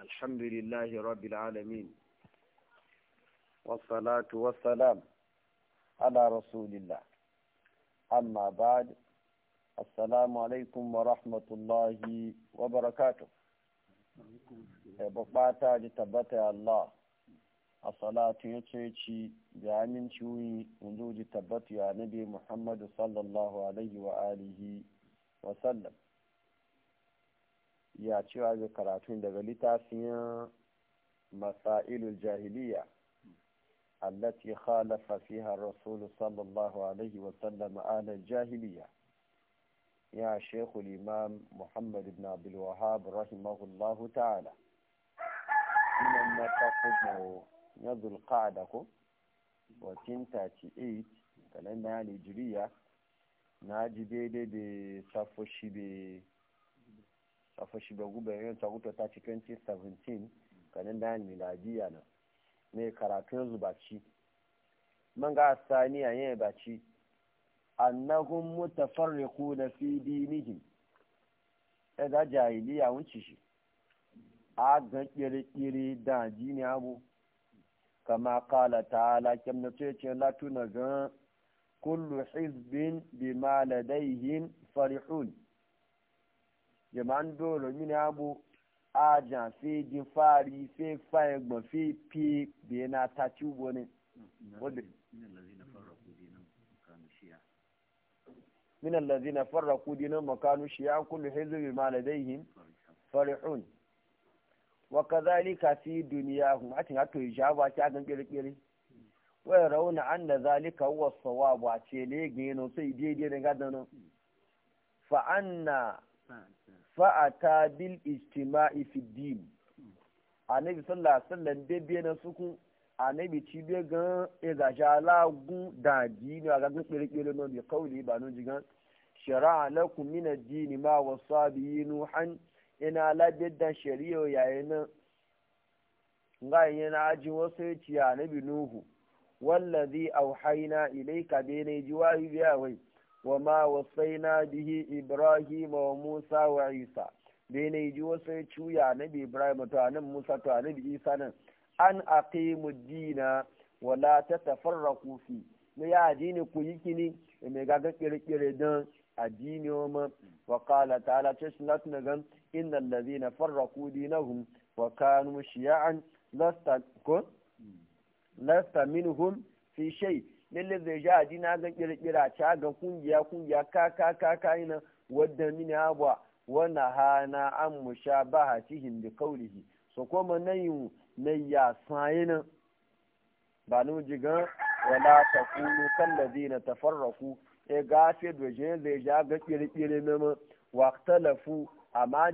الحمد لله رب العالمين والصلاة والسلام على رسول الله أما بعد السلام عليكم ورحمة الله وبركاته بقاتا جتبتا الله الصلاة يتشيشي بعمل شوي ونزوج تبت يا نبي محمد صلى الله عليه وآله وسلم ya cewa zai karatun daga littafin matsa'ilul jahiliya allati khalafa fiha rasulu sallallahu alaihi wa sallam ala jahiliya ya shekul imam muhammad ibn abdul wahab rahimahullahu ta'ala inna ma taqulu yadul qa'da ku wa tinta ti eight kana na najiriya na ji daidai da safo be a fashi ba gube ta ci 2017 kanin da yan miladiya na ne karatun zubaci man ga asaniya yin baci annahum na fi dinihim e da jahiliya wuce shi a ga kirkiri da jini abu kama kala ta alakin na ce ce latuna ga kullu hizbin bima ladaihim farihun jama'an doro mini abu ajan fi jin fari fi fayin gbọn fi pe biye na ta ci ugbo ne من الذين فرقوا دينهم وكانوا شيعا كل حزب بما لديهم فرحون وكذلك في دنياهم أتن أتو إجابة أتن كيري كيري ويرون أن ذلك هو الصواب أتشيلي جينو سيدي ديني قدنو na. fa'ata bil ijtima'i fi din annabi sallallahu alaihi wasallam be be na suku anabi ci be gan e ga jala gu da dini ne ga gun kire no bi kauli ba no jigan shara'a lakum min ad dini ma yi nuhan ina la bidda shari'a yayin nga yana ajin wasu ya ci annabi nuhu wallazi auhayna ilayka bi ne jiwahi biya wai وما وصينا به إبراهيم وموسى وعيسى بين يجي وصي تشويا نبي إبراهيم وتعالى موسى وتعالى عيسى أن أقيموا الدين ولا تتفرقوا فيه na ya addini ku yi kini e mai gaga kirkire don addini wa wa qala ta'ala ta shi lati nagan innal ladhina farraqu dinahum wa kanu shiya'an lasta kun hmm. lasta minhum fi shay lalle zai ja a na ga kirkira ta ga kungiya kungiya ka ka ka ka ina wadda mini abwa wana hana an sha ba ha cikin da kaulihi so kuma na yi na ya sayina ba ni jigan wala ta kunu kan da zina ta farraku e gafe doje zai ja ga kirkire na ma waktalafu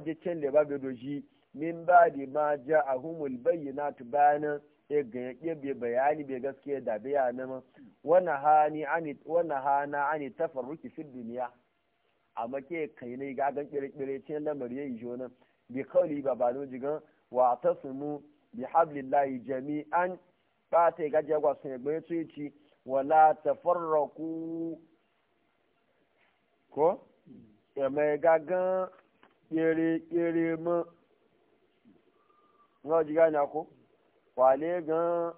je can da ba ga doji min ba di ma ja humul bayyana bayanan ya gayyaƙe bai bayani bai gaskiya da biya na ma wani hana ani tafarruki fi duniya amma ke kai ne ga gan kire-kire cin lamar ya yi jonan bi kawli ba ba jigan wa ta sumu bi hablillahi jami'an ba ta ga jagwa sun gbe su ci wala tafarraku ko ya mai gagan kire-kire mu ngaji gani ko wale gan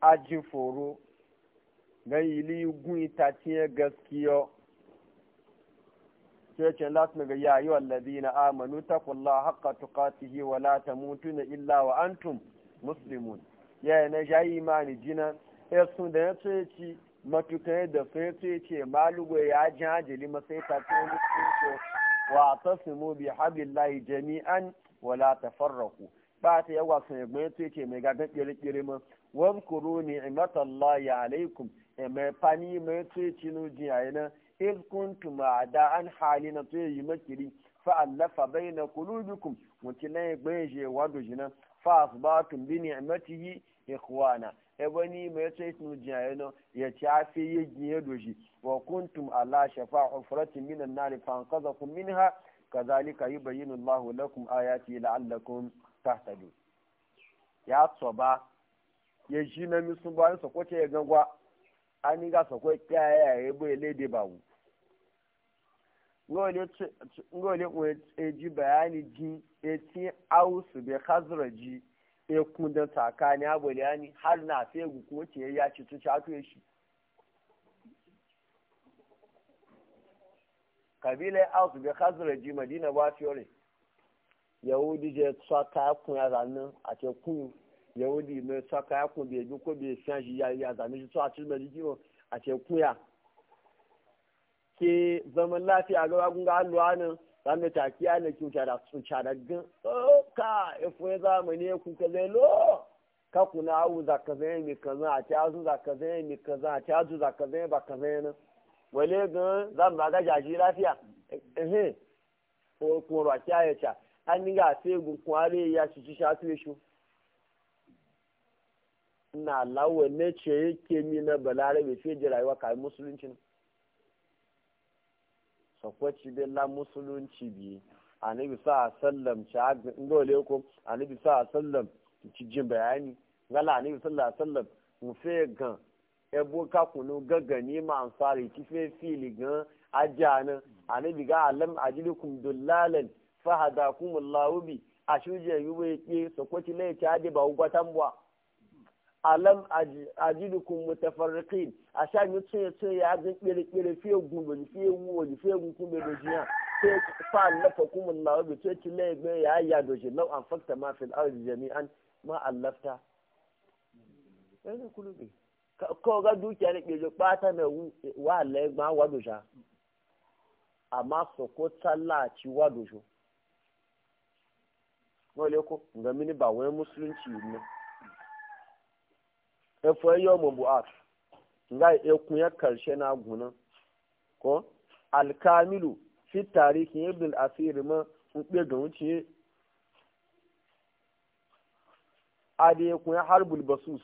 ajin foro gan ili gun itaciyar gaskiyo cece lati daga ya yi wallazi amanu ta kulla haka tukatihi wa la ta mutu na illa wa antum muslimun ya yi na jayi imani jina e ya sun da ya ci da sun ya ce malugo ya ji hajjali masai ta ce musulunci wa ta bi habillahi jami'an wa la ta farraku باتي يواس يمتي كي ميغادن جيري جيري ما وامكرو نعمة الله عليكم اما فاني يمتي تنو جيانا إذ كنتم أعداء حالنا تي يمكري فألف بين قلوبكم وتلاي بيجي ودجنا فأصبحتم بنعمته إخوانا ebani mai tsaye e nu jiyayeno e ya ci a fi yi jiye doshi wa kuntum Allah shafa hufuratin minan nari fa'an kaza kun min ha ka zalika yi bayinun lahu lakum ayati la'allakum tahtadu ya tsoba ya ji na misun bayan sokoce ya gangwa an yi ga sokoi kyaye ya yi bai lede bawu ngole kuwa eji bayani e ji eti ausu bai hazura ji ya kunda tsakani abuwa yani har na fiye gukuwa ce ya ci cha shato e shi kabila ausu bai hazura ji madina ba yahudi je tsaka kun ya a ce kun yahudi ne tsaka ya kun bai ko bai fiyan shi ya ya zanin shi tsaka cikin mai a ce kun ya ke zaman lafiya gaba wagun ga alluwa ne za mu ta kiya ne kin ta da sun ta da o ka ifo e ya e zamani ya e kun kaza lo ka na awu za ka zai mi kaza a ta azu za ka zai mi kaza a ta azu za ka zai ba ka zai ne wale gan za mu ga jaji lafiya eh eh ko kuma ba kiyaye ta aniga ga sai gunkun are ya ci ci shafe shi na lawa ne ce yake mi na be fiye da iwa kai musulunci na sakwaci la musulunci biyu annabi sa sallam ci dole ko annabi sa sallam ci jin bayani gala annabi sallallahu sallam mu fe gan ebo ka kunu gagani ma ansari ki fe fili gan ajana annabi ga alam ajilikum dullalan fahada kumullahu laubi a shuje yuwe ke sokoci lai ta ji ba gwatan bwa alam ajidukum mutafarriqin a sha mi tsaye tsaye ya ga kire kire fiye gumbe ni fiye wuwa ni fiye gumbe do jiya sai fa lafa kumullahu laubi sai ki lai gbe ya ya do ji law an fakta ma fil ardi jami'an ma allafta yana kulube ko ga dukiya ne ke pata na wa lai ma wa do amma sokota la ci wa wale ko ga mini ba wai musulunci ne e fo yo mo bu at nga e kun ya karshe na guna ko alikamilu kamilu fi tarihi ibn al asir ma un be ga wuce ade kun ya harbul basus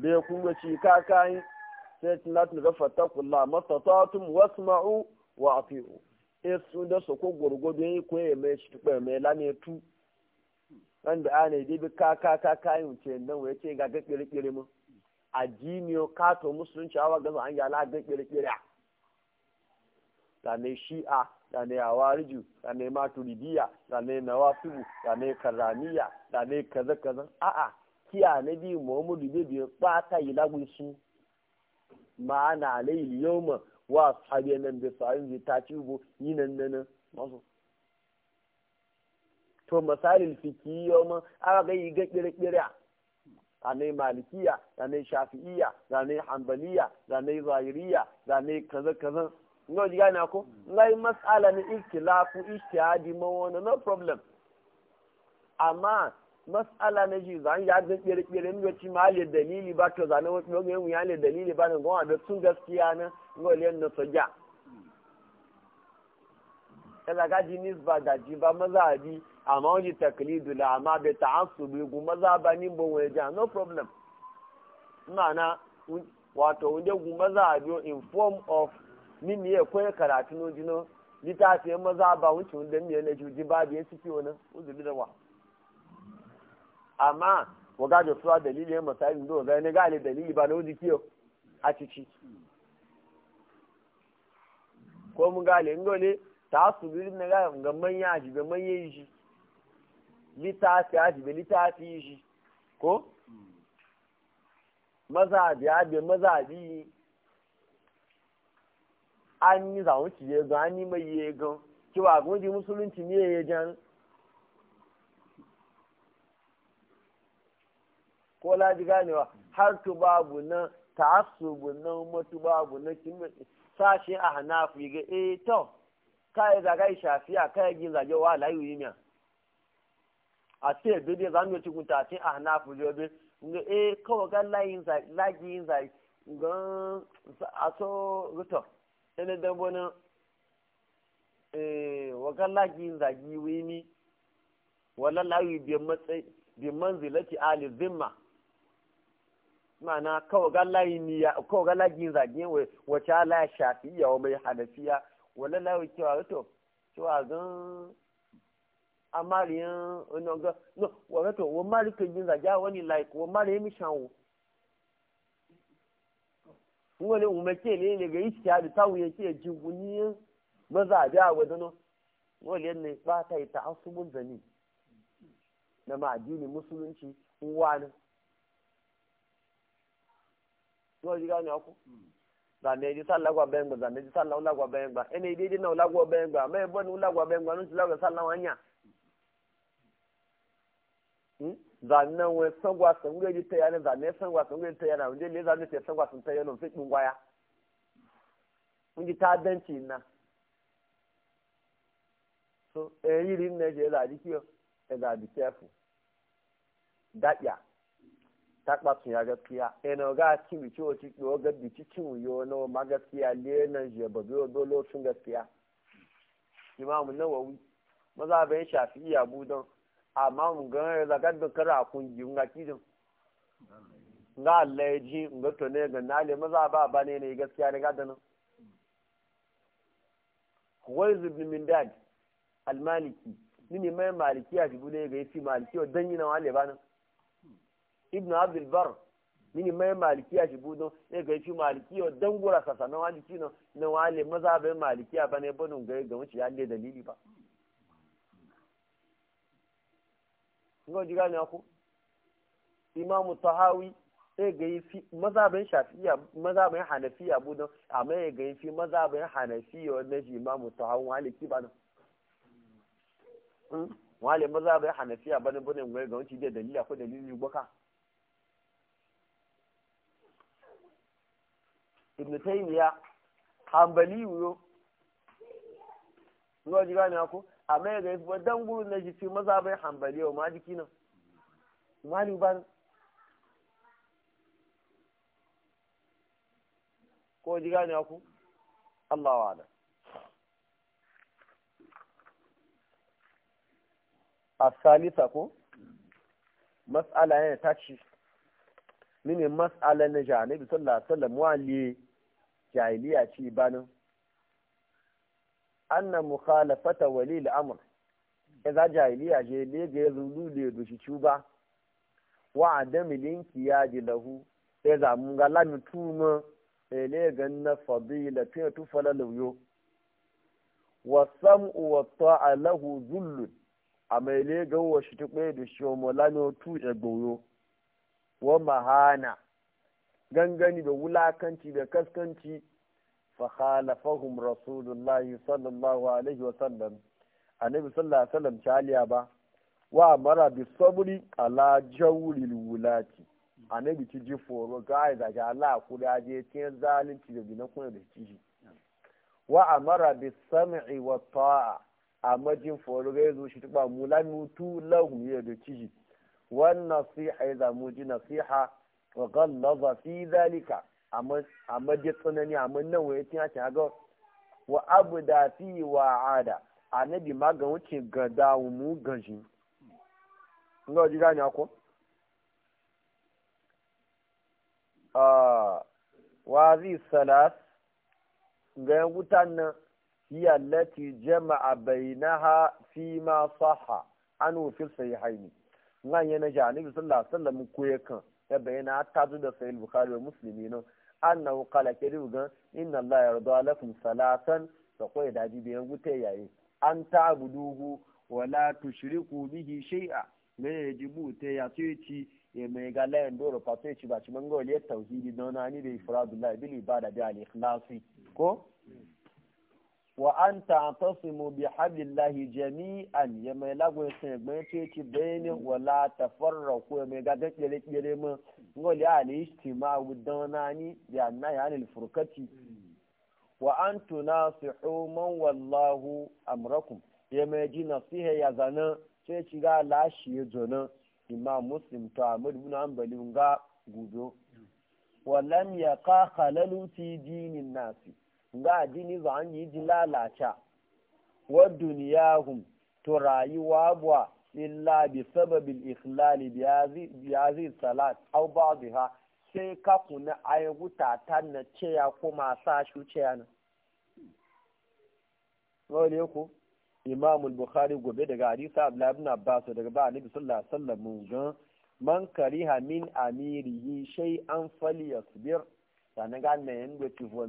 be kun ga ci kakai sai tun latin ga fatakullah mastata'tum wasma'u wa ati'u esu ndị su ko gwargwado yi ko ya mai shi kwa na-etu tu wanda ana yi bi ka ka ka ka yi wuce nan wai ce ga gaskiri kiri mu addini ka to musulunci awa gasa an yala gaskiri kiri a da ne shi'a da ne awariju da ne maturidiya da ne nawasibu da na karamiya da na kaza kaza a'a kiya na biyu muhammadu bai biyu ba ta yi lagwai na ma'ana alayhi yawma wa sahabiya nan da sa'in zai ta ci bu yi nan nan masu to misalin yau ma aka ga yi ga kirkira zane malikiya zane shafi'iya zane hanbaliya zane zahiriya zane kaza kaza ngo diga na ko ngai masala ni ikilafu, ijtihadi ma wani no problem amma masala na ji zan ya ga kirkira ni ci ma le dalili ba to zane wacce ne mu ya le dalili ba ne gwa da sun gaskiya na ngọ ile nna soja ẹlaga ji nisbada ji ba maza ji ama onye taklidu la ama bai ta asubu gu maza ba ni mbọ nwere ja no problem ma na wato onye gwu maza ji in form of mini ekwe karatu n'oji no lita ati maza ba wuce wunde mmiri na ji uji ba bi esiti wani ụzọ bi wa ama wọ gajọ fula dalili ya masu ndị ọzọ ya ne gaa dalili ba na ozi kiyo achichi ko mun le ngole ta su bi na ga ga manya ji ga manya ji ta a ji ta litafi ji ko maza bi a bi maza bi an yi zawon ci ye ga an yi mai ye ga ki wa gun ji musulunci ne ye jan ko la ji ganewa har to babu nan ta'assubu nan mutu babu na kin sashi a hanafu ga eh to kai zaga shafiya kai gin zage wa layu yimiya a ce bide za mu ci kunta ce a hanafi jobe ga eh kawai ga layin zai yin zai ga a so ruto ene da bona eh wa ga layin zagi wini wala layu bi matsayi bi manzilati ali zimma ma'ana kawai ga layiniya kawai ga lagin zage wace ala shafiya wa mai hanafiya wani lawi cewa wato cewa zan amariyan uh, onoga no wato wa mari kan yin zage wani like wa mari mi shanwo wani umake ne ne ga iskiya da tawu yake jiguni uh, maza da no wani ne ba ta yi ta asubun zani na ma'adini musulunci wani wọ́n yí káwọn ọkọ zàmì ẹ̀dí sálàgbà bẹ́ẹ̀ gbà zàmì ẹ̀dí sálà ọlágbà bẹ́ẹ̀ gbà ẹni ìdí ìdí náà ọlágbà bẹ́ẹ̀ gbà mẹ́ẹ̀ bọ́ ni ọlágbà bẹ́ẹ̀ gbà ní ti lágbà sálà wọn yàn zàmì náà wọn sẹ́ngwà sẹ́ngwà ìdí tẹ̀yà ní zàmì ẹ̀ sẹ́ngwà ìdí ẹ̀dí náà ọ̀dẹ́ lé zàmì tẹ̀ sẹ́ngwà sẹ́ngwà náà ya so rí nà e e àdìkí takpa ya gaskiya eno eh, ga cin mi ciwo ci do ga bici cin uyo na ma gaskiya le na je ba do dole sun gaskiya imam nawawi maza ban shafi abu don amma mun ga da ga da kara kun ji mun kidin nga Allah ya ji mun ga to ne ga nale maza ba ba ne ne gaskiya ne ga da nan Huwaiz ibn Mindad al-Maliki ni ne mai maliki a jibu ne ga yafi maliki wa dan yi na wale ba nan ibnu abdul bar mini mai maliki a budon ne ga shi malikiya dan gura sasa na wani kino na wale maza bai malikiya ba ne banun ga ga wuce ya le dalili ba ngo diga ne ku imamu tahawi sai ga fi maza bai shafiya maza bai a budon amma mai ga fi maza bai hmm? hanafiya na shi imam tahawi ki ba nan wale maza bai hanafiya ba ne banun ga ga wuce da dalili ko dalili gwaka ibn taymiya hanbali yo ruwa ji gani ako amma ya gaifi ba dan gurin na ji ce maza bai hanbali yau ma jiki nan mali ba ko ji gani ako Allah wa ala asalisa ko mas'ala ya tashi mini mas'ala na janibi sallallahu alaihi wasallam wali jahiliya ci banin anna mukhalafata wali al'amr idza jahiliya je le ga zulu le do shi cuba wa adam linki ya ji lahu za mun ga lami tuma ele eh, ga na fadila tu tu fala lawiyo wa sam'u wa ta'a lahu dhull amele ga shi tu pe shi mo lami tu egboyo wa mahana gangani da wulakanci da kaskanci fa khalafahum rasulullahi sallallahu alaihi wasallam annabi sallallahu alaihi wasallam chaliya ba wa mara bi sabri ala jawri wulati annabi ti ji foro ga da ga Allah ku da je tin zalunci da gina kuma da ci wa amara bi sam'i wa ta'a amma jin foro ga yazo shi tuba mulamutu lahum ya da ci wannan nasiha ya mu ji nasiha wa lọba fi zalika a ji tsanani mun nan wani tun a ga wa abu da fi wa ada bi ma ga wuce ga dawo mu gaji ga ji gani ako wa zi salas ga yan wutan nan hiya lati jama'a ha fi ma saha an wufil haini nan yana ji annabi sallallahu alaihi wasallam ko yakan ya bayyana ta zo da sahih bukhari wa muslimi no annahu qala kadibu gan inna allaha yarda lakum salatan da koyi daji da yan gute yayi an ta'buduhu wa la tushriku bihi shay'a ne yajibu te ya tuci e me ga doro tuci ba ci mangole tauhidi don ani da ifradullahi bil ibada bi al ikhlasi ko wa an ta'tasimu bi hablillahi jami'an ya mai lagun sun gbe ce ci bayani wala tafarraqu mai gaga kire kire mu ngoli ali istima'u danani ya na ya ni Furkati? wa an tunasihu man wallahu amrakum ya mai ji nasiha ya zana ce ci ga lashi ya zana imam muslim to amud ibn hanbali ga gudo wa lam yaqa khalalu ti dinin nasi ga dini za an yi ji lalata wa duniyahum to rayuwa buwa illa bi sababin ikhlali biya zai salat au ba ha sai ka ayyuta ta na ceya ko masu shi ceya na. wani ku, Imam Bukhari gobe daga Hadisa Abdullahi ibn Abbas daga ba Annabi sallallahu alaihi wasallam mun man kariha min amirihi shay'an falyasbir sannan ga na yin da ci fuwa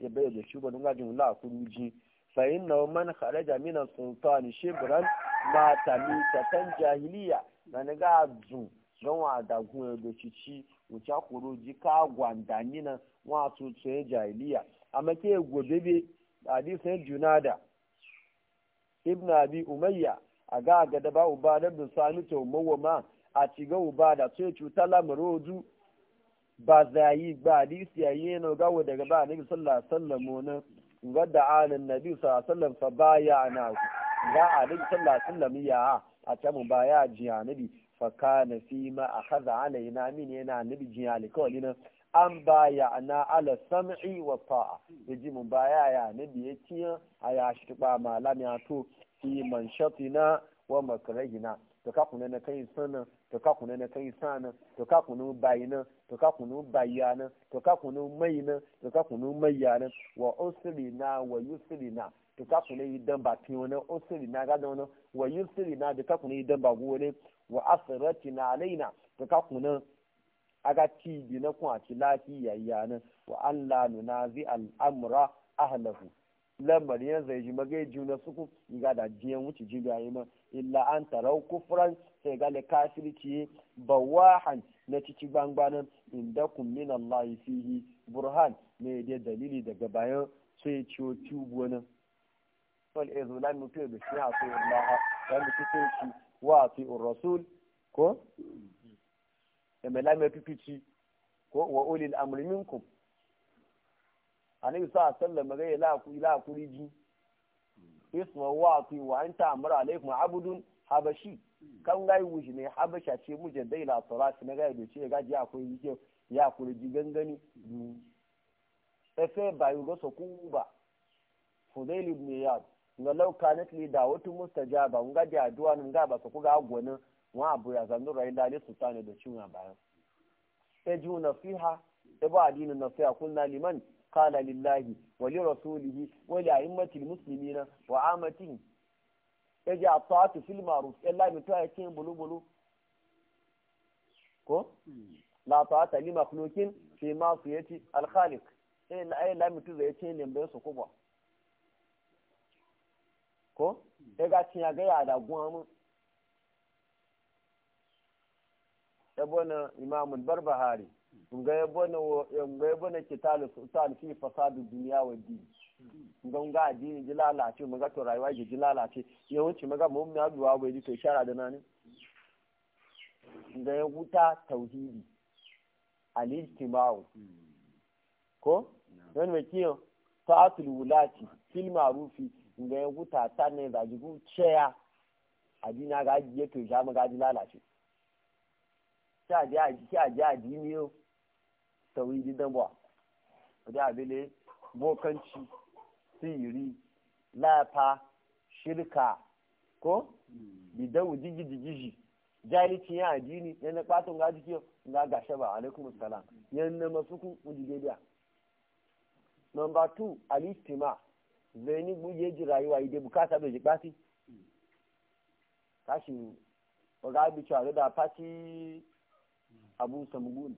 ya bai da shi gwanin jin wula a kuruji fa'in na man kharaja min sultani shibran ma tamita tan jahiliya na ga zu don wa da kuma da e ci ci wuce kuruji ka gwanda nina wa su tsaye jahiliya amma ke da be hadisin e junada ibn abi umayya a ga ga ba uba da bin sami to e mawama a ciga uba da sai cuta lamarodu ba zayi ba hadisi yi yana gawo daga ba annabi sallallahu alaihi wasallam ne ga da alin nabi sallallahu alaihi wasallam fa baya na ga alin sallallahu alaihi wasallam ya a ta mu baya ji annabi fa kana fi ma akhadha alaina min yana nabi ji alkawli na an baya na ala sam'i wa ta'a ji mu baya ya nabi ya ci a ya shi ba malami to fi manshatina wa na. to ka kunu na kai sana to ka kunu na kai sana to ka kunu bayina na to ka kunu bayana to ka kunu mai na to ka kunu mayana wa usri na wa yusri na to ka kunu yi ba tin na usri na ga wani wa yusri na to ka kunu yi ba ba ne wa asrati na alaina to ka kunu aga ti bi na kun a ci lafiya yana wa an la al amra ahlahu lambarin yanzu ya ji magai juna suku ga da jiyan wuce ji yi ma illa an tarau kufran sai gane kafirci bawahan na cici gbangbanin inda kun min Allah fihi burhan ne da dalili daga bayan sai ciwo tubu wani wal na mutu da shi a sai Allah ya mutu sai wa fi rasul ko ya mai ci ko wa ulil amri minkum annabi sa sallam ga ila ku ila kuriji isma wa fi wa anta amara alaikum abudun habashi kan gai wuji ne habasha ce muje dai la salati na gai da ce ji akwai yake ya kuriji gangani efe bayu ga soku ba fudail ibn yad ga law kanat li da'watu mustajaba ga da addu'a nan ga ba soku ga gona wa abu ya zanu rai da ne sultani da cinwa bayan sai ju nasiha ibu adinin nasiha kulna liman qala lillahi wa li rasulihi wa li a'immatil muslimina wa amatin yaji atatu fil ma'ruf illa mi to yake bulu bulu ko la ta'ata li makhluqin fi ma'siyati al khaliq illa ay la mutu zai ce ne bai su kuba ko daga cin ya ga ya da gwamu yabo na imamul barbahari nga ya bane kitalu sultan fi fasadu duniya wa dini nga nga addini ji lalace maga to rayuwa ji ji lalace yawanci maga mu mu aduwa bai ji to shara da nani nga ya huta tauhidi al-ijtima'u ko wani mai kiyo ta'atul wulati fil ma'rufi nga ya huta ta ne da jigu cheya addini ga ji to shama ga ji lalace ta ji a ji a ji a yau tawin gidan ba da abile bokanci sihiri lafa shirka ko hmm. bidawu jigi-jigi jahilci ya addini yana kwatun ga jiki ga gashe ba alaikum salam yana masu kun ujigediya number 2 alistima zeni buje ji rayuwa ide bukata hmm. da jikpati kashi hmm. ogabi bi da abu samugun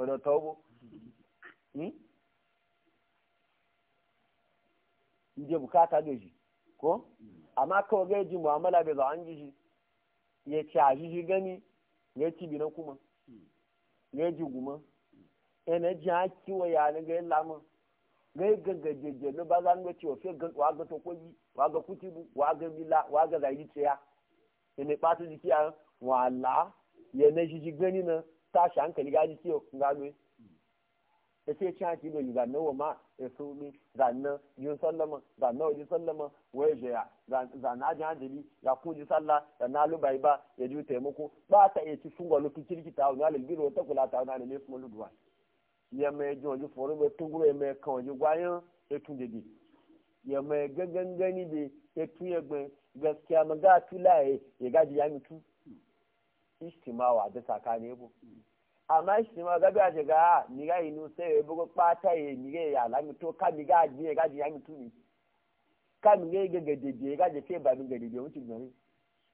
ọ̀dọ̀ tọ́wọ́ je bukata da shi ko amma kawai ga ji mu'amala bai za an ji shi ya ci a shi gani ya ci bi na kuma ya ji guma yana ji ha kiwa ya na ga yalla mun ga ga ga je je no ba zan ga ci wa fe ga wa ga to koji wa ga kutibu wa ga bila wa ga zai ci ya ne patu jiki a wala ya na shi gani na tashi hankali gaji ciwo gano da ce cin haki bai zanne wa ma ya sumi zanne yin sallama zanne wajen sallama wai jaya zanne ajin hajjali ya kuji sallah da na lubai ba ya ji taimako ba ta iya ci sun gwalufi kirki ta wani alibi wata kula ta wani alibi kuma luduwa ya mai ji wajen forin mai tunguro ya mai kan wajen gwayan ya tun dede ya mai gangan gani da ya tun ya gbin gaskiya ma ga tulaye ya gaji ya mutu. istimawa da tsakani bu mm. amma istima gabi a shiga ni ga inu ya bugu kpata ya ni ga ya lami to ka mi ga je ga ya mi tuni ka mi ga ga ga je ga je ke ba mi ga je wuce gari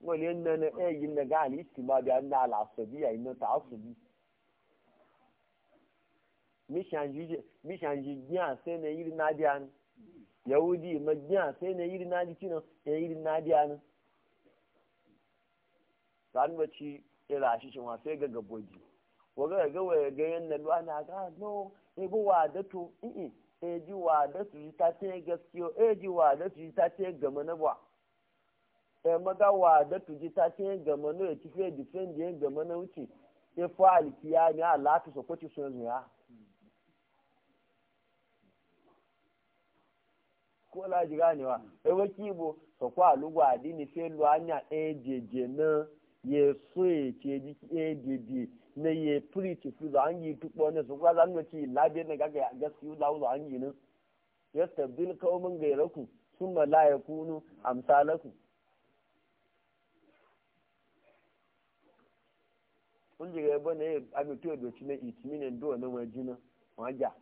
ngole nan eh, na e yin da ga ni istima da na la so bi ya inu ta so bi mi shan ji mi shan ji sai na yiri na dia ni yahudi ma gyan sai na yiri na di kino e yiri na dia ni sanwaci ira shi shi wasu ga gaboji waga ga waya ga yan na duwa na ga no e bu wa da to i e ji wa da su ta ce gaskiyo e ji wa da su ta ce gama na ba e maga wa da tu ji ta ce gama no e ci fe defend yan gama na wuce e fa alkiya ni Allah ta so ko ci sun zuya ko la ji ganewa e waki bo so ko alugo adini fe lu anya e jeje na ye so ye ce ji ke dede na ye furi ci fi za an yi tukpo ne su kwa zan wace labe na gaga gaskiyu da wuza an yi nan ya tabbil kaumin gairaku sun ma la ya kunu amsalaku kun ji ga yabo na ye abin tuwa doci na itiminin do na wajina wajen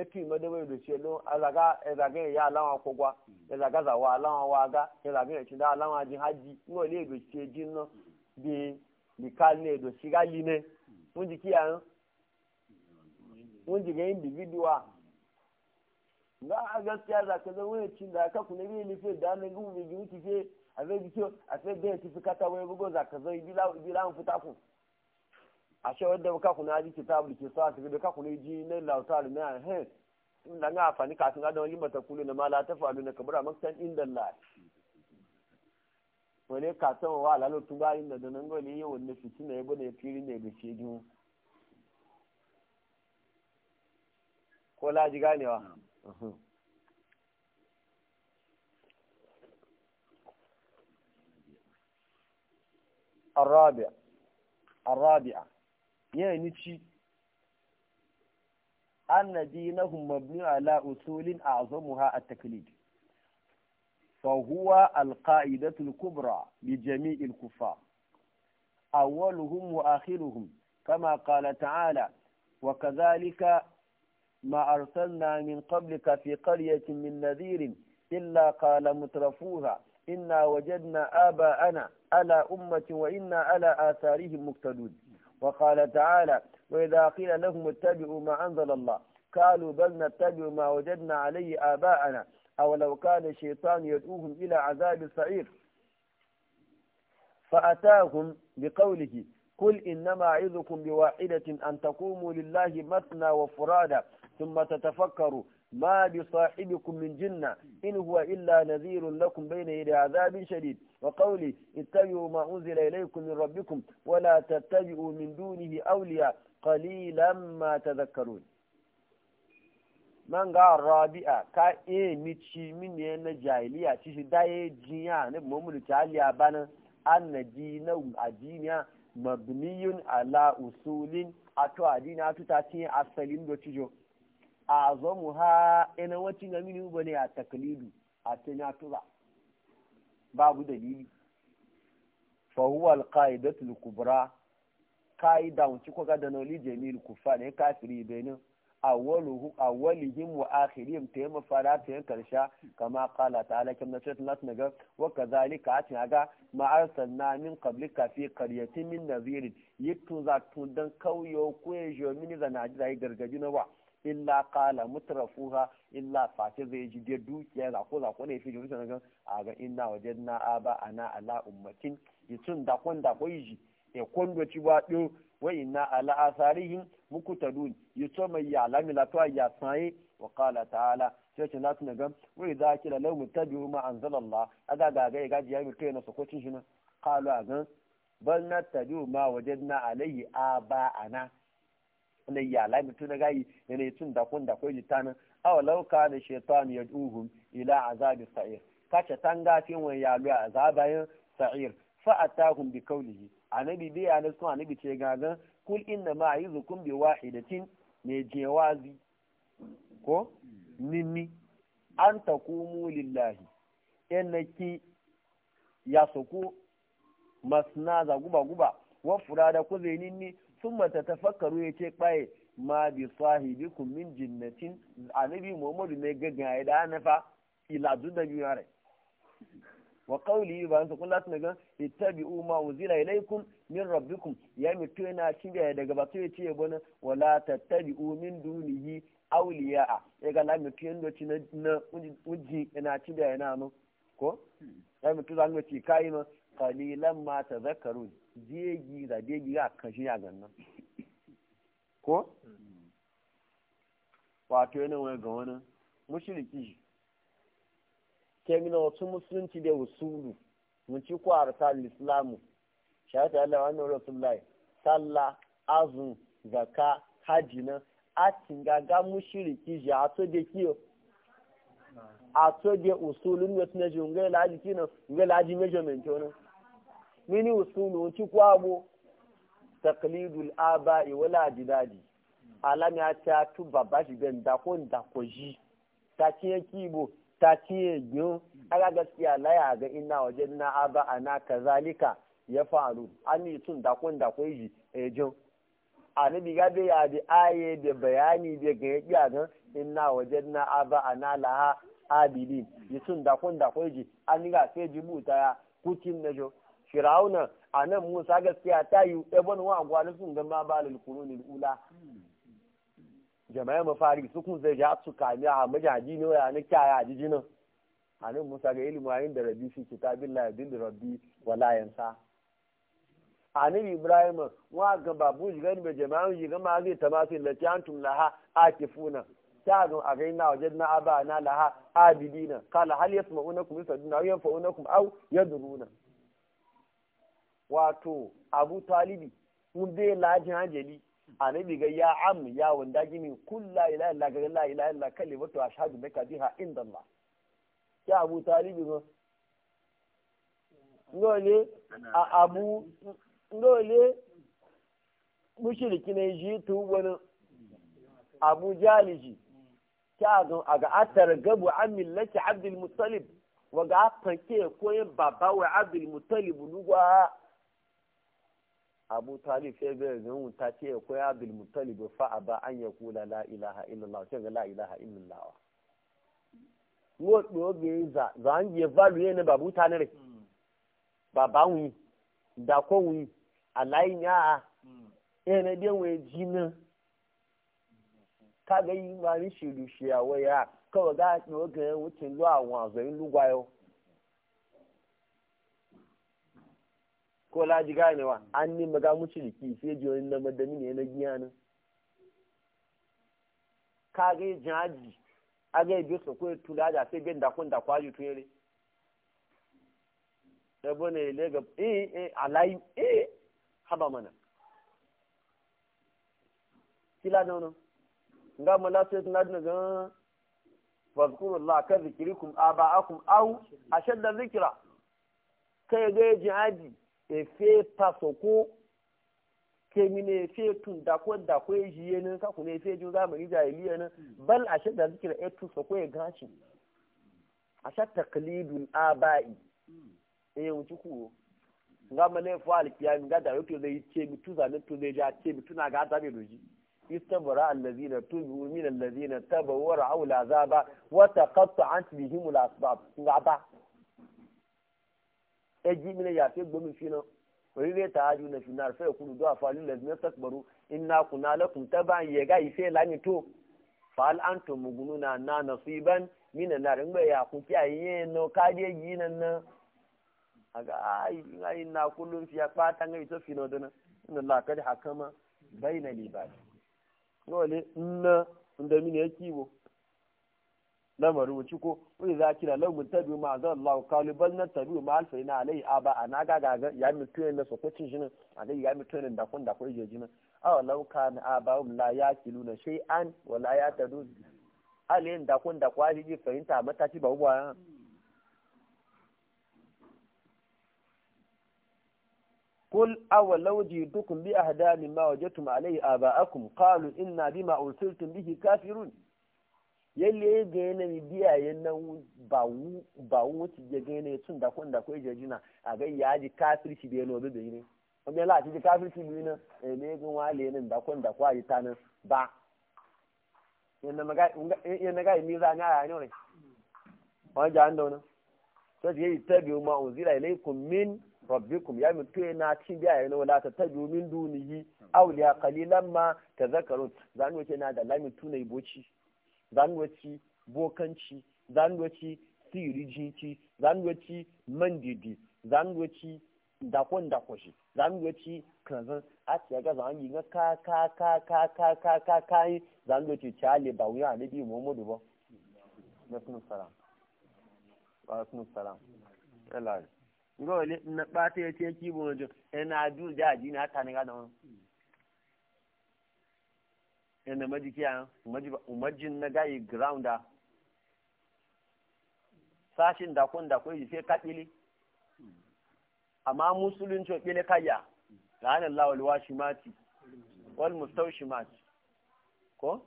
etu imedebe edochielu ezaga ezaga eya alawa kwụgwa ezaga zawa alawa waga ezaga echida alawa ji ha ji nwere edochi eji nnọ bi bikali na edochi ga line nwunji kiya n nwunji ga individual nga a gaskiya za ka zan wani cin da aka kuna biyu nufi da hannun gubu bai ji wuce a zai ji kyau a sai da ya tafi kata wani bugo za ka zai bi lawan fita kun ashe wadda ka kuna ji kitabul kisas da ka kuna ji na da na he da ga afani ka tunga da wani mata kulu na mala ta faru na kabura maksan inda la wani ka san wa lalo tunga inda da nan gole yi su fitina yabo ne firi ne ga shedin ko la ji ganewa الرابع الرابعه ya ni ci annabi na mabni ala usulin azamuha at-taklid fa huwa al-qa'idatu al-kubra li jami'il kuffar awwaluhum wa akhiruhum kama qala ta'ala wa kadhalika ma arsalna min qablika fi qaryatin min nadhirin illa qala mutrafuha inna wajadna aba'ana ala ummatin wa inna ala atharihim muqtadun وقال تعالى وإذا قيل لهم اتبعوا ما أنزل الله قالوا بل نتبع ما وجدنا عليه آباءنا أولو كان الشيطان يدعوهم إلى عذاب السعير فأتاهم بقوله قل إنما أعظكم بواحدة أن تقوموا لله مثنى وفرادى ثم تتفكروا ma bi su a cibikumin jina ilihuwa illa nazirun laukun bai na yadda ya zabi shanidu ba kawai in ta bi yo ma in zi daidai kuni rabbi kuma wani atta ta bi yi ko mun duniya aure a kalilan ma ta zakarun. manga rabi'a ka yi mishi na jihari a cikin ɗayan jinya ne muhimman ta haliya bana an na ji na addinai ma ala usulin da akyawa addinai asalin da ya a zomu ha ina wacin amini ba ne a taklidu a tunatura babu dalili fa huwa alqaidatul kubra qaida wuci ko ga li jamil kufa ne kafiri benin awwaluhu awwalihim wa akhirihim ta yamma fara ta karsha kama qala ta'ala kam na nas naga wa kadhalika atin ga ma arsalna min qablika fi qaryatin min nadhir yittu za tun dan kauyo ko yejo min zanaji zai gargaji na wa illa kala mutrafuha illa face zai ji dai dukiya za ko za ko ne fi jiri ga, a ga ina inna wajadna aba ana ala ummatin yitun da kon da ko yi e kon do ci ba do wa inna ala dun, yi yito mai ya alami la ya sai wa ta ala sai ce lati naga wa idza kila law biyu ma anzalallah aga ga ga ga ya mi kai na sokocin shi na kala a gan bal biyu ma wajadna alayhi aba ana na ya la mutu na gayi yana tun da kun da koji tana aw law kana shaytan yad'uhum ila azabi sa'ir ka ce tanga tin wani ya lu azabayin sa'ir fa atahum bi kaulihi anabi bi ya nasu anabi ce gaga kul inna ma yuzukum bi wahidatin ne jewazi ko nimi an takumu lillahi enaki ya masna za guba guba wa furada ku zai sun ta tafakkaru ya ce ɓaye ma bi sahibi min jinnatin annabi muhammadu mai gaggan ya da anafa iladu da biyu yare wa qawli ba su kullu sun ga ittabi'u ma unzila ilaykum min rabbikum ya mitu yana cinga daga batu ya ce bana wala tattabi'u min dunihi awliya'a ya ga la mitu yando ci na uji yana cinga yana ko ya mitu zan ci kai no kalilan ma ta zakarun jeji da jeji ga kashi a gannan ko wato yana wani ga wani mushriki kemina wasu musulunci da usulu mun ci ko arsal islamu shahada Allah wa annabi rasulullahi sallah azun zaka haji na a tinga ga mushriki a to de kiyo a to de usulun wasu na ji ngai laji kino ngai laji measurement wani mini usulu chukwa bu taqlidul aba wala ajdadi alami ata tu baba shi ben da ko da ko ji ta tiye kibo ta tiye gyo aga gaskiya laya ga inna na aba ana kazalika e ya faru ani tun da ko da ko ji ejo anabi ga be ya di aye da bayani da ga ya ga inna wajenna aba ana laha abidin yitun da ko da ko ji ani ga sai jibuta ya kutin najo firauna a nan musa gaskiya ta yi ebon wa gwani sun ga ma ba lalkuru ne ula jama'a mafari su kun zai ja su kami a majaji ne wa na kyaya a jijinan a nan musa ga ilimin ayin da rabi fi kitabin layabin da rabbi wa layansa a nan ibrahim wa ga babu gani ne jama'a shi gama zai tamasin lati antum laha akifuna sha'adun a na wajen na aba na laha abidina kala hal yasma'unakum yusaduna aw au ya yaduruna wato abu talibi kun dai lajin hanjali annabi ga ya am ya wanda gini kun la ilaha illa ga la ilaha a kalimatu ashhadu kadi biha inda ma ya abu talibi go ngole a abu ngole mushriki ne ji tu wani abu jaliji ta ga aga atar gabu an millati abdul muttalib wa ga ke koyin baba wa abdul muttalib lugwa abu talib sai ga ganun ta ce ko ya abdul fa aba an ya kula la ilaha illallah sai ga la ilaha illallah wo do be za za an value ne babu tanare hmm. baba wi da ko wi alai nya hmm. eh ne we jina ka ga yi ma ni shiru shi awo ya ka ga no ga wucin lo ko laji ganewa an ni maga muci liki sai ji wani na madami ne na giya nan ka ga jaji a ga bi su ko tula da sai bin da da kwaji tuyere da bone le ga eh eh alayi eh haba mana kila wani nga mala sai na dina ga fadkurullah ka zikrikum aba'akum a ashadda zikira. kai ga jihadi efe kemi ne efe tun dako dako ejiye nan ka ne efe jin zamani jahiliya nan bal a zikira e etu soko e gashi a sha bai aba'i eh wuci kuwo nga male fo alkiyami ga da to zai ce mitu ne to zai ja ce mi tuna ga ta bai doji istabara allazina tubu min allazina tabawara aula zaba wa taqatta'at an al-asbab nga ba eji mine ya fi gbomi fi orire ta aju na finar fe kulu do afalu lazim yastakbaru inna kuna lakum taban ye ga ife lani to fal antum mugununa na nasiban min nar ngbe ya ku ti aye no ka yi nan na aga ai na kullu fi apa tanga ito fi dana inna la kad hakama bayna libad lole nna unda mine lamarin wuci ko wani za kira mun tabi ma zan lau kalu bal na tabi ma alfa ina alai a ba ana ga ga ya mi tuye na so kwacin jinin alai ya mi tuye da kun da kun je jinin aw a ba wani la yakiluna shay'an wa la yatadun alai da kun da kwaji ji fahimta mata ci ba uwa قل أولو جئتكم بأهدى مما وجدتم عليه آباءكم قالوا إنا بما أرسلتم به كافرون yalle ga yana mi biya yana ba wuce je ga yana tun da kun da kai je juna a ga ya ji kafirci e da yana bi ne kuma ya lati ji kafirci bi na e ne ga wale nan da kun da kwa yi ta nan ba yana maga yana ga mi za nya ya ne ba ja an dauna to je yi tabi ma unzila ilaykum min rabbikum ya mutu yana e cin biya yana wala ta tabi min dunihi awliya qalilan ma tazakkarun zan wuce na da lamin tunai boci zanwaci bokanci zanwaci sirijinci zanwaci mandidi zanwaci dakon dakoshi zanwaci kanzan a ce ga zan yi ka ka ka ka ka ka ka ka yi zanwaci chale ba wuya ne bi mu muhammadu ba alaikum salam wa alaikum salam ela ngo le na pate ya ce kibo e na jo ina du da ji na ta ne ga da wannan yana majikiya umarjin na gayi grounda sashin dakon da yi sai kaɓili amma musulunci ƙile kaya da hannun lawalwa shi mati wani mustau shi mati ko?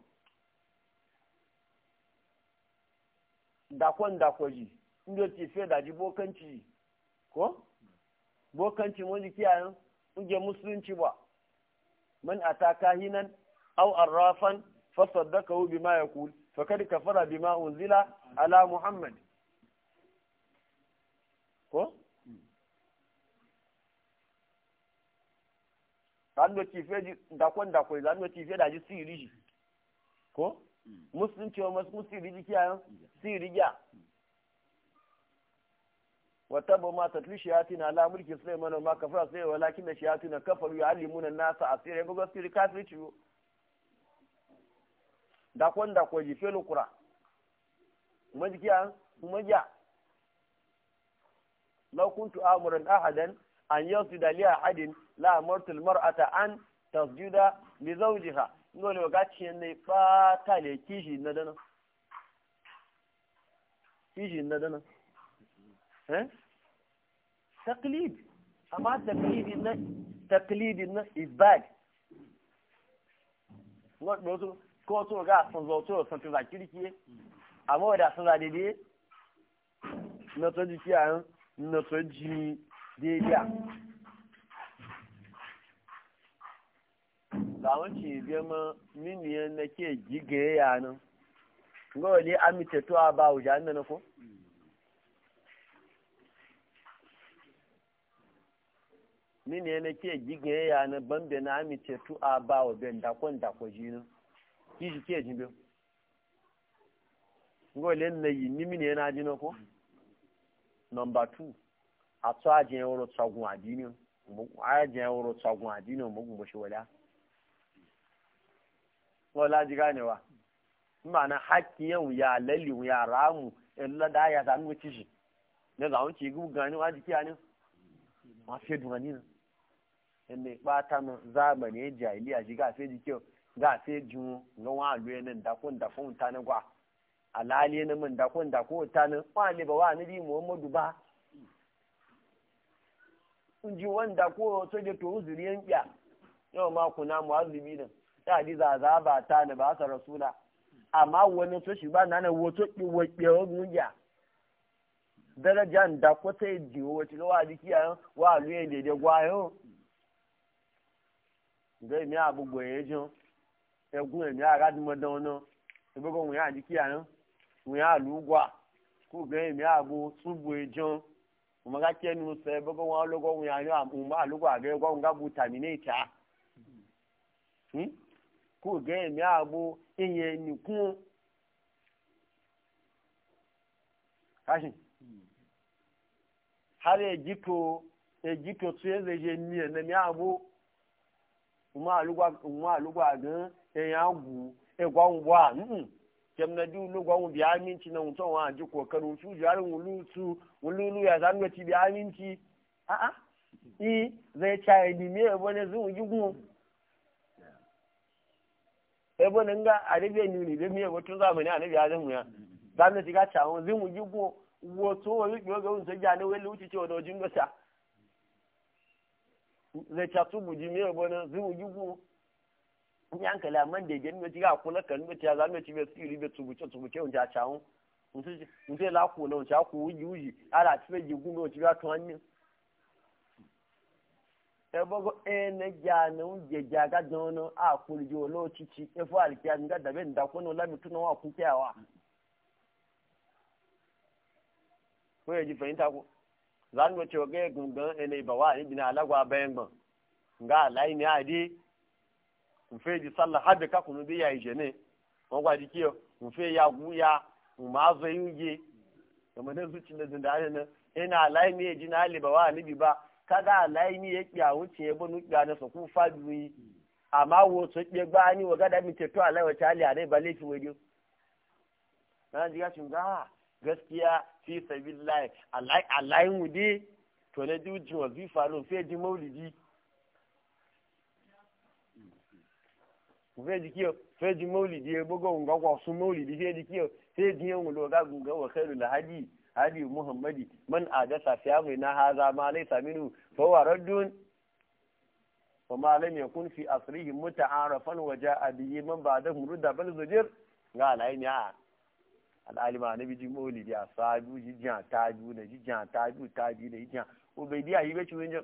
dakon dakoji inda ce sai daji bokanci ko? bokanci mun jikiya yin ƙungiyar musulunci ba man a hinan aw arrafan fa saddaqahu bima yaqul fakad kafara bima unzila ala muhammad ko zanu ci feji dakon dakon zanu ci fe da ji siri ji ko musulunci wa masu siri ji kiyayen siri ya wata ba ma tatli shayatina na mulki sulaiman ma kafara sai walakin da shayatina kafaru yu'allimuna an-nasa a asira ga kafin kafirci dakon dakon ji felo kura majiya majiya law kuntu amuran ahadan an da liya hadin la martul mar'ata an tasjuda li zawjiha ngole ga cin ne ta le kishi na dana kishi na dana eh taqlid amma taqlid na taqlid na is bad ko to ga sun zo to sun tuba kirki amma da sun zade dai na to jiki a na to ji dai da zawon ci zama miniyan na ke gigaye yanin ga wani amince tuwa ba wujan na ko miniyan na ke gigaye yanin bambe na amince a ba wa ben dakon dakon jinin kiji ke jin ngo le na yi mimi ne na jino ko number 2 ato ajen woro tsagun adini mo ajen woro tsagun adini mo gbo shi wala wala ji ganewa mana hakki yau ya lalli ya ramu illa e da ya zanu ciji ne zawon ci gu gani wa jiki anin ma fe dunani ne ne ba ta mu zamani e jahiliya e shiga fe ke. ga sai jiwo ga wa alu ne da kun ta ne gwa alali na mun da kun da ko ta ne wa ne ba wa ne bi muhammadu ba kun ji wanda ko so je to uzuri yankiya yau ma kuna muazzibi ne ta di zaza ba ta na ba sa rasula amma wani so shi ba na ne woto ki wakpe ogun ya daraja da ko sai jiwo wace ga wa dikiya wa alu ne de gwa yo ngai mi abu goyejo ẹ̀gún ẹ̀mí àràdìmọ́dán ọ̀nà ìgbẹ́gbọ́ wọ̀nyí àdìkíyà náà wọ̀nyí àlùgbà kó gẹ́ ẹ̀mí àgbo túbù ẹ̀jọ́n ọmọga tiẹ̀ nù sẹ́ ẹ̀gbẹ́gbọ́ wọn lọ́gọ́ wọ̀nyí àná àmọ́ àlùgbà àgẹ́ ẹ̀gbọ́ wọn gábù tàmínéètà kó gẹ́ ẹ̀mí àgbo ìyẹn nìkún káṣí hali èjìtò èjìtò tún ẹ̀ lè yẹ abu. ẹ̀mí àgbo ọmọ àlùgbà gan. ya gu e gwan gwa mm kem na du lu gwan bi aminci na mutum wa ji kokarin su jarin wulu su wulu ya zan ga bi aminci a a i zai cha ni me e bone zu ji gu e bone nga arabe ni ni be me go tun zamani anabi adam ya zan ga ti ga cha won zu ji gu wo to wo yi ga won sai ja ne wai luci ce wa dojin gasa zai cha tu buji me e bone zu ji gu in an kala man da gani mai ga kula kan mai ta zan mai siri be tubuce tubuce on ta chawo mun sai la ku na on ta ku wuji wuji ala ti be jigun no ti ga to anni e bogo e ne ja na je ja ga dono a ku jo lo ti ti e fo al kiya nga da ben da ko no la mi tuno wa ku kiya wa ko e ji fahimta ko zan mai ce ga gungan e ne ba wa ni bina alagwa bayan ban nga lai ne adi kò fẹ́ di sálà hábẹ́ kákùnrin bí ya ìjẹ́ ní wọ́n gba di kí ọ kò fẹ́ ya gún ya kò máa zọ yín yé ọmọdé zuci na zinda ayé na ẹna aláì èjì náà lè bà wá níbi bá kága aláì èkpè àwọn tiẹ̀ bọ́ ní ìgbà sọ̀kú àmà wo tó kpé gbá ní wọ́n gádà mi tètò aláì wọ́n tẹ́lẹ̀ àná ìbálẹ̀ fi wọ́n di. gaskiya fi sẹ́bi láì aláì wù fi fa feji kiyo feji maulidi ya e buga wunga kwa su maulidi feji kiyo feji yan wulo ga gunga wa khairu la hadi hadi muhammadi man adasa fi amri na haza ma laysa minhu fa huwa raddun wa ma lam yakun fi asrihi muta'arafan wa ja'a bihi man ba'dahu rudda bal zujir ga alai ne a al'alima na biji maulidi a sadu jijiya taju na jijiya taju taju na jijiya ubaidiya yi bai ciwon jin